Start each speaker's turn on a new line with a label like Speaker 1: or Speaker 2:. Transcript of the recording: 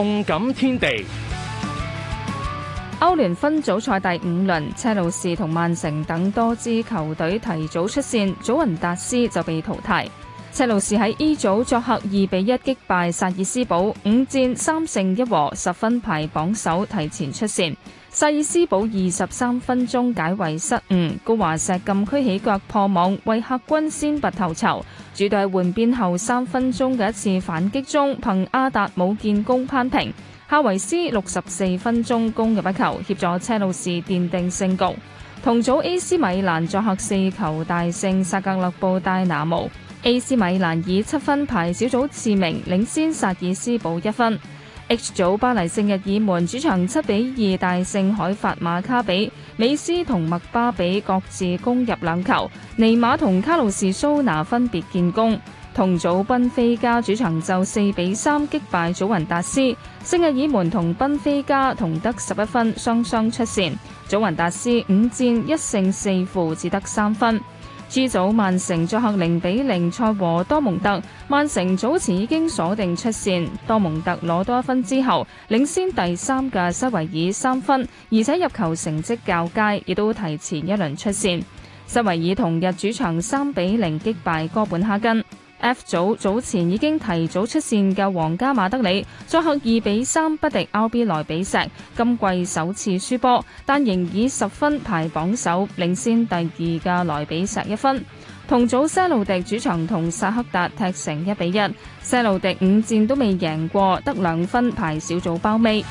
Speaker 1: 動感天地，歐聯分組賽第五輪，車路士同曼城等多支球隊提早出線，祖雲達斯就被淘汰。車路士喺 E 組作客二比一擊敗薩爾斯堡，五戰三勝一和，十分排榜首，提前出線。薩爾斯堡二十三分鐘解圍失誤，高華石禁區起腳破網，為客軍先拔頭籌。主隊換邊後，三分鐘嘅一次反擊中，憑阿達姆建功扳平。夏維斯六十四分鐘攻入一球，協助車路士奠定勝局。同組 A.C. 米蘭作客四球大勝薩格勒布戴拿姆。AC 米蘭以七分排小組次名，領先薩爾斯堡一分。H 組巴黎聖日耳門主場七比二大勝海法馬卡比，美斯同麥巴比各自攻入兩球，尼馬同卡路士蘇拿分別建功。同組賓菲加主場就四比三擊敗祖雲達斯，聖日耳門同賓菲加同得十一分，雙雙出線。祖雲達斯五戰一勝四負，只得三分。G 組，曼城作客零比零賽和多蒙特。曼城早前已經鎖定出線，多蒙特攞多一分之後，領先第三嘅塞維爾三分，而且入球成績較佳，亦都提前一輪出線。塞維爾同日主場三比零擊敗哥本哈根。F 組早前已經提早出線嘅皇家馬德里，作客二比三不敵 RB 萊比錫，今季首次輸波，但仍以十分排榜首，領先第二嘅萊比錫一分。同組西路迪主場同薩克達踢成一比一，西路迪五戰都未贏過，得兩分排小組包尾。